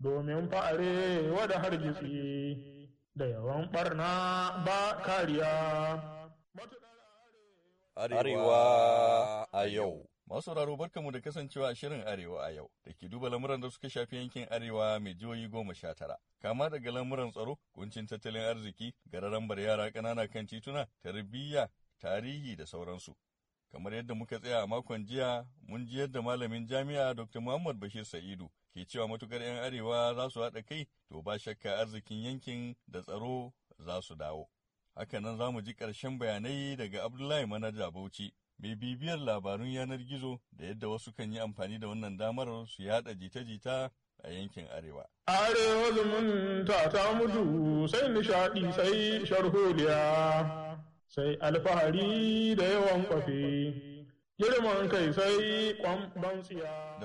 domin fa'are wada hargitsi da yawan barna ba kariya. Arewa a yau Masu raro barkamu da kasancewa shirin Arewa a yau da ke duba lamuran da suka shafi yankin Arewa mai jihohi goma sha tara. Kama daga lamuran tsaro, kuncin tattalin arziki, gararambar yara ƙanana kan tituna, tarbiyya, tarihi da sauransu. kamar yadda muka tsaya a makon jiya mun ji yadda malamin jami'a dr muhammad bashir sa'idu ke cewa matukar 'yan arewa za su haɗa kai to ba shakka arzikin yankin da tsaro za su dawo. Hakanan za mu ji ƙarshen bayanai daga Abdullahi Manaja Bauchi, mai bibiyar labarun yanar gizo da yadda wasu kan yi amfani da wannan damar su yaɗa jita-jita a yankin Arewa. Arewa zumunta ta mutu sai nishaɗi sai sharholiya sai alfahari da yawan kwafi. Da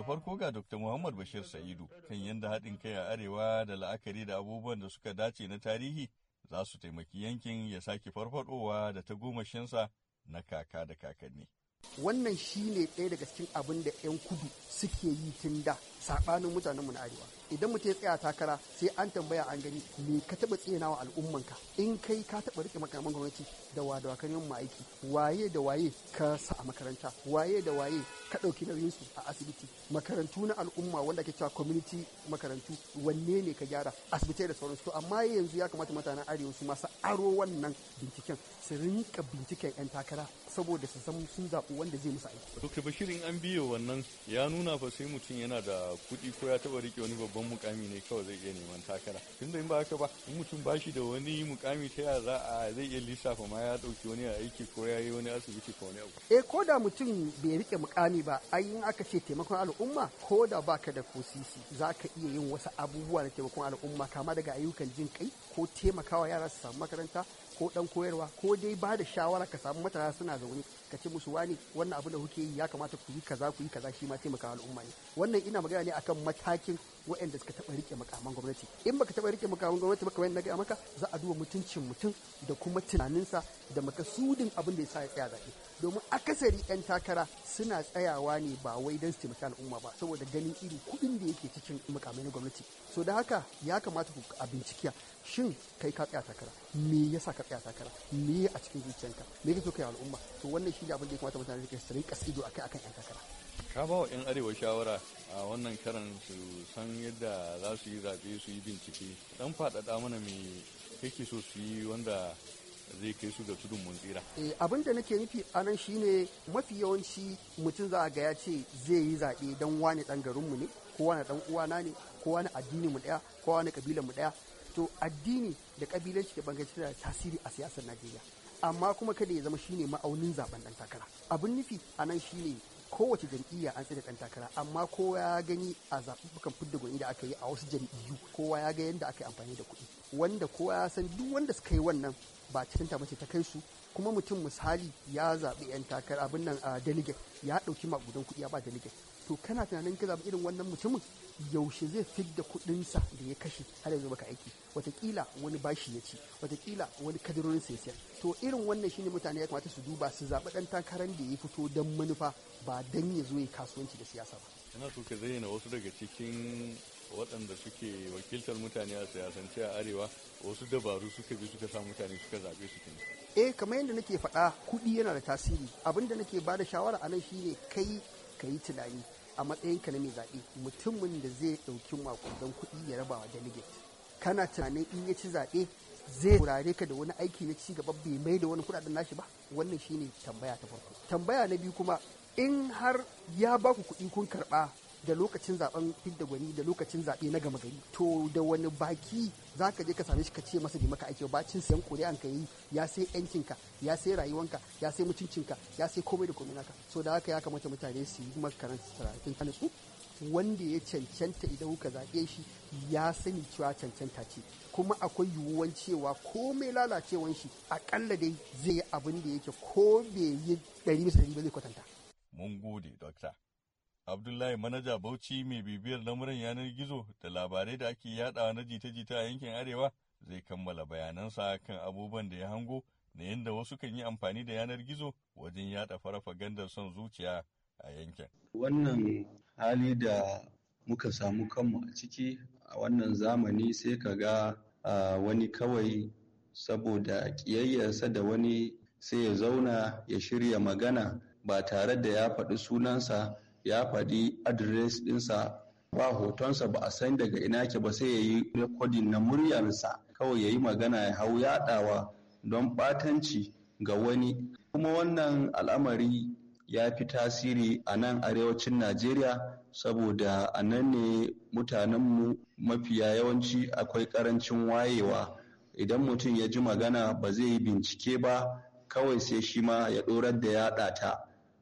farko ga Dr. Muhammad Bashir Sa'idu kan yadda haɗin kai a Arewa da la'akari da abubuwan da suka dace na tarihi za su taimaki yankin ya sake farfadowa da ta gomashinsa na kaka da kakanni. Wannan shi ne ɗaya daga cikin abin da 'yan kudu suke yi tun da sabanin mutanenmu na arewa idan mutum ya tsaya takara sai an tambaya an gani me ka taba tsina wa al'ummanka in kai ka taba rike makaman gwamnati da wa da wakan aiki waye da waye ka sa a makaranta waye da waye ka dauki nauyin su a asibiti makarantu na al'umma wanda ake cewa community makarantu wanne ne ka gyara asibitai da sauransu to amma yanzu ya kamata mutanen arewa su masu aro wannan binciken su rinka binciken 'yan takara saboda su san sun zaɓi wanda zai musu aiki. Dr. Bashir in an biyo wannan ya nuna fa sai mutum yana da kuɗi ko ya taba rike wani babban mukami ne kawai zai iya neman takara da in ba haka ba in mutum ba shi da wani mukami ta yaya za a zai iya lissafa ma ya dauki wani a aiki ko ya yi wani asibiti ko wani abu. eh ko da mutum bai rike mukami ba ai in aka ce taimakon al'umma ko da baka da kosisi zaka za ka iya yin wasu abubuwa na taimakon al'umma kama daga ayyukan jin kai ko taimakawa yara su samu makaranta ko dan koyarwa ko dai ba da shawara ka samu matasa suna zaune ka ce musu wani wannan abu da kuke yi ya kamata ku yi kaza ku yi kaza shi ma taimaka al'umma ne wannan ina magana ne akan matakin waɗanda suka taɓa rike makaman gwamnati in baka taɓa rike makaman gwamnati ba kamar na gaya maka za a duba mutuncin mutum da kuma tunaninsa da makasudin abin da ya sa ya tsaya zaɓe domin akasari 'yan takara suna tsayawa ne ba wai don su taimaki al'umma ba saboda ganin iri kuɗin da yake cikin makamai na gwamnati so da haka ya kamata ku a bincikiya shin kai ka tsaya takara me yasa ka tsaya takara me a cikin zuciyanka me kake kai al'umma to wannan shi cikin abin da ya kamata mutane su ido akai akan yan takara ka ba wa yan arewa shawara a wannan karan su san yadda za su yi zaɓe su yi bincike dan faɗaɗa mana mai kake so su yi wanda zai kai su ga tudun mun tsira. Eh, abin da nake nufi a nan shine mafi yawanci mutum za a ga ya ce zai yi zaɓe don wani ɗan garinmu ne ko wani ɗan uwana ne ko wani addini mu ɗaya ko wani ƙabila mu ɗaya to addini da kabilanci da bangaci da tasiri a siyasar najeriya amma kuma kada ya zama shine ma'aunin zaben dan takara abin nufi a nan shine kowace jam'iyya an tsaye dan takara amma kowa ya gani a zaɓuɓɓukan fidda gwani da aka yi a wasu jam'iyyu kowa ya ga yadda aka yi amfani da kuɗi wanda kowa ya san duk wanda suka yi wannan ba cikin mace ta kai su kuma mutum misali ya zaɓi 'yan takara abin nan a delegate ya ɗauki maƙudan kuɗi ya ba delegate to kana tunanin ka zaɓi irin wannan mutumin yaushe zai da kuɗinsa da ya kashe har yanzu baka aiki watakila wani bashi ya ci watakila wani kadirorin sai to irin wannan shine mutane ya kamata su duba su zaɓi ɗan takaran da ya fito don manufa ba dan ya zo ya kasuwanci da siyasa ba. ina so ka zayyana wasu daga cikin waɗanda suke wakiltar mutane a siyasance a arewa wasu dabaru suka bi suka sa mutane suka zaɓe su kenan. eh kamar yadda nake faɗa kuɗi yana da tasiri abin da nake bada shawara a nan shine kai ka yi tunani a matsayinka na mai zaɓe mutumin da zai ɗauki makudan kuɗi ya raba wa delegate kana tunanin in ya ci zaɓe zai wurare ka da wani aiki na ci gaba bai mai da wani kuɗaɗen nashi ba wannan shine tambaya ta farko tambaya na biyu kuma in har ya baku kuɗi kun karɓa da lokacin zaben fidda gwani da lokacin zaɓe na gama gari to da wani baki za ka je ka same shi ka ce masa bai maka aiki bacin sayan kuri'an ka yi ya sai ka ya sai rayuwanka ya sai mutuncinka ya sai komai da komai naka so da haka ya kamata mutane su yi makaranta karatun su wanda ya cancanta idan kuka zaɓe shi ya sani cewa cancanta ce kuma akwai yiwuwan cewa ko mai lalacewan shi akalla dai zai yi abin da yake ko bai yi ɗari bisa ɗari ba zai kwatanta. Mun gode, Dokta. Abdullahi manaja Bauchi mai bibiyar lamuran yanar gizo da labarai da ake yadawa na jita-jita a yankin Arewa zai kammala bayanansa kan abubuwan da ya hango na yadda wasu kan yi amfani da yanar gizo wajen yada gandar son zuciya a yankin. Wannan hali da muka samu kanmu a ciki a wannan zamani sai ka ga wani kawai saboda ƙiyayyarsa da wani sai ya zauna ya shirya magana ba tare da ya faɗi sunansa ya faɗi adres ɗinsa ba hotonsa ba a san daga ina ke ba sai ya yi rekodin na muryarsa kawai ya yi magana ya hau yaɗawa don ɓatanci ga wani kuma wannan al'amari ya fi tasiri a nan arewacin najeriya saboda a nan ne mutanenmu mafiya yawanci akwai ƙarancin wayewa idan mutum ya ji magana ba zai yi bincike ba kawai sai shi ma ya ɗorar da yaɗa ta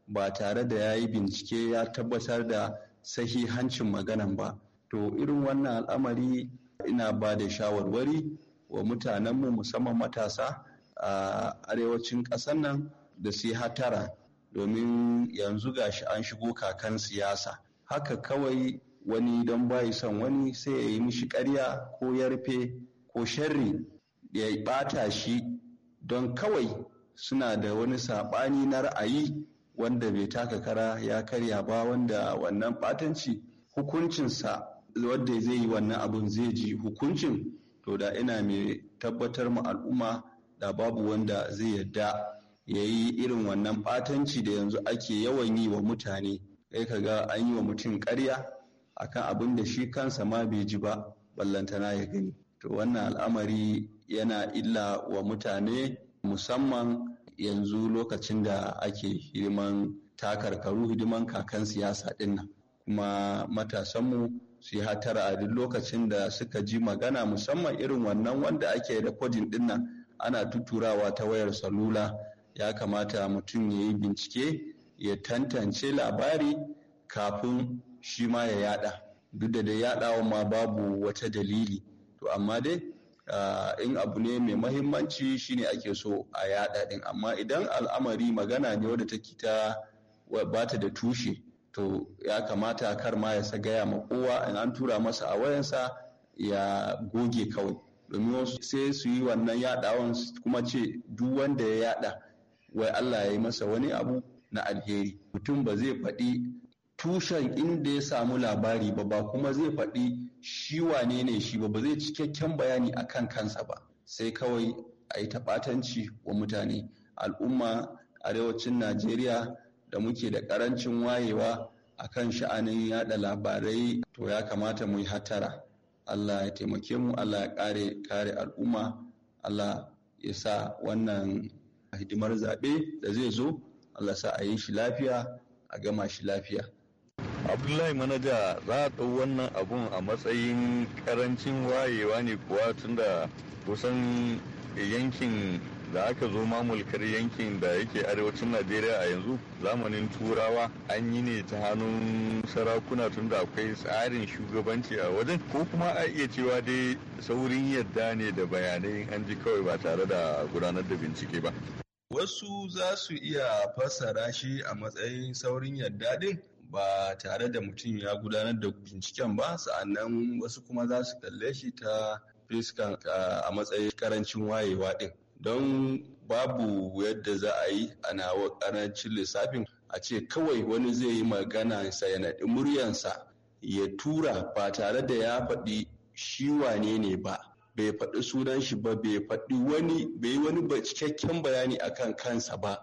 ba tare da ya yi bincike ya tabbatar da sahihancin maganan ba to irin wannan al'amari ina ba da shawarwari wa mutanenmu musamman matasa a arewacin ƙasar nan da su yi hatara domin yanzu gashi an shigo kakan siyasa haka kawai wani don bayi son wani sai ya yi mishi ƙarya ko yarfe ko sharri ya ɓata shi don kawai suna da wani saɓani na ra'ayi wanda bai taka kara ya karya ba wanda wannan batanci hukuncinsa wanda zai yi wannan abun zai ji hukuncin to da ina mai tabbatar ma al'umma da babu wanda zai yadda ya yi irin wannan batanci da yanzu ake yawan yi wa mutane kai ka ga an yi wa mutum karya akan abin da shi kansa ma bai ji ba ballantana ya gani to wannan al'amari yana illa wa mutane musamman yanzu lokacin da ake hidiman takarkaru hidiman kakan siyasa nan kuma matasanmu su yi hatara a duk lokacin da suka ji magana musamman irin wannan wanda ake rekodin nan ana tuturawa ta wayar salula ya kamata mutum ya yi bincike ya tantance labari kafin shi ma ya yaɗa. duk da da yadawa ma babu wata dalili to amma dai Ah, in abu ne mai mahimmanci shine ake so a yaɗa ɗin amma idan al'amari magana ne wadda take ta bata da tushe to ya kamata kar ma ya gaya ma kowa in an tura masa a wayansa ya goge kawai domin wasu sai su yi wannan yaɗawan kuma ce duk wanda ya yaɗa wai Allah ya yi masa wani abu na alheri mutum ba zai faɗi tushen inda ya samu labari ba ba kuma zai faɗi shi wane ne shi ba ba zai cikakken bayani a kan kansa ba sai kawai a yi taɓatanci wa mutane al'umma arewacin najeriya da muke da ƙarancin wayewa a kan sha'anin yada labarai to ya kamata mu yi hatara allah ya taimake mu allah ya kare kare al'umma allah ya sa wannan hidimar zaɓe da zai zo allah sa a yi shi lafiya a gama shi lafiya abdullahi manaja za a ɗau wannan abun a matsayin karancin wayewa ne kuwa tunda kusan yankin da aka zo mamulkar yankin da yake arewacin najeriya a yanzu zamanin turawa an yi ne ta hannun sarakuna tun da akwai tsarin shugabanci a wajen ko kuma a iya cewa dai saurin yadda ne da bayanai an ji kawai ba tare da gudanar da bincike ba wasu za su iya fassara shi a matsayin saurin yadda din ba tare da mutum ya gudanar da binciken ba sa'annan wasu kuma za su kalle shi ta fiskan a matsayin karancin wayewa din don babu yadda za a yi ana nawa karancin lissafin a ce kawai wani zai yi magana sa ya naɗi muryansa ya tura ba tare da ya faɗi shi wane ne ba bai faɗi sunan shi ba bai faɗi wani bai wani cikakken bayani akan kansa ba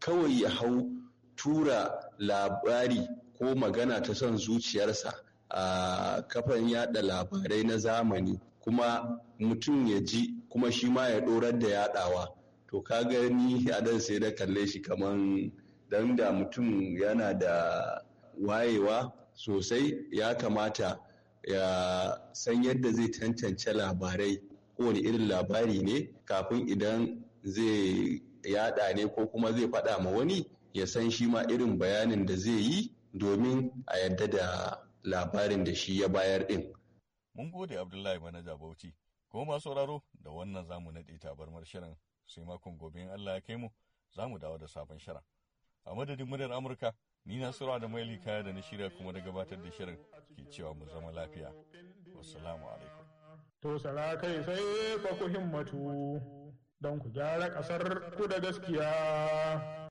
kawai ya hau tura labari ko magana ta son zuciyarsa a kafan yada labarai na zamani kuma mutum ya ji kuma shi ma ya dorar da yadawa to ka gani a dan sai da kalle shi kaman dan da mutum yana da wayewa sosai ya kamata ya san yadda zai tantance labarai kowane irin labari ne kafin idan zai yada ne ko kuma zai faɗa ma wani ya san shi ma irin bayanin da zai yi domin a yadda da labarin da shi ya bayar ɗin. Mun gode Abdullahi Manaja Bauchi, kuma masu sauraro da wannan zamu naɗe tabarmar shirin sai makon gobe in Allah ya kai mu za mu dawo da sabon shirin. A madadin muryar Amurka, ni na sura da maili kaya da na shirya kuma da gabatar da shirin ke cewa mu zama lafiya. Wassalamu alaikum. To sala kai sai fa ku himmatu don ku gyara ƙasar ku da gaskiya.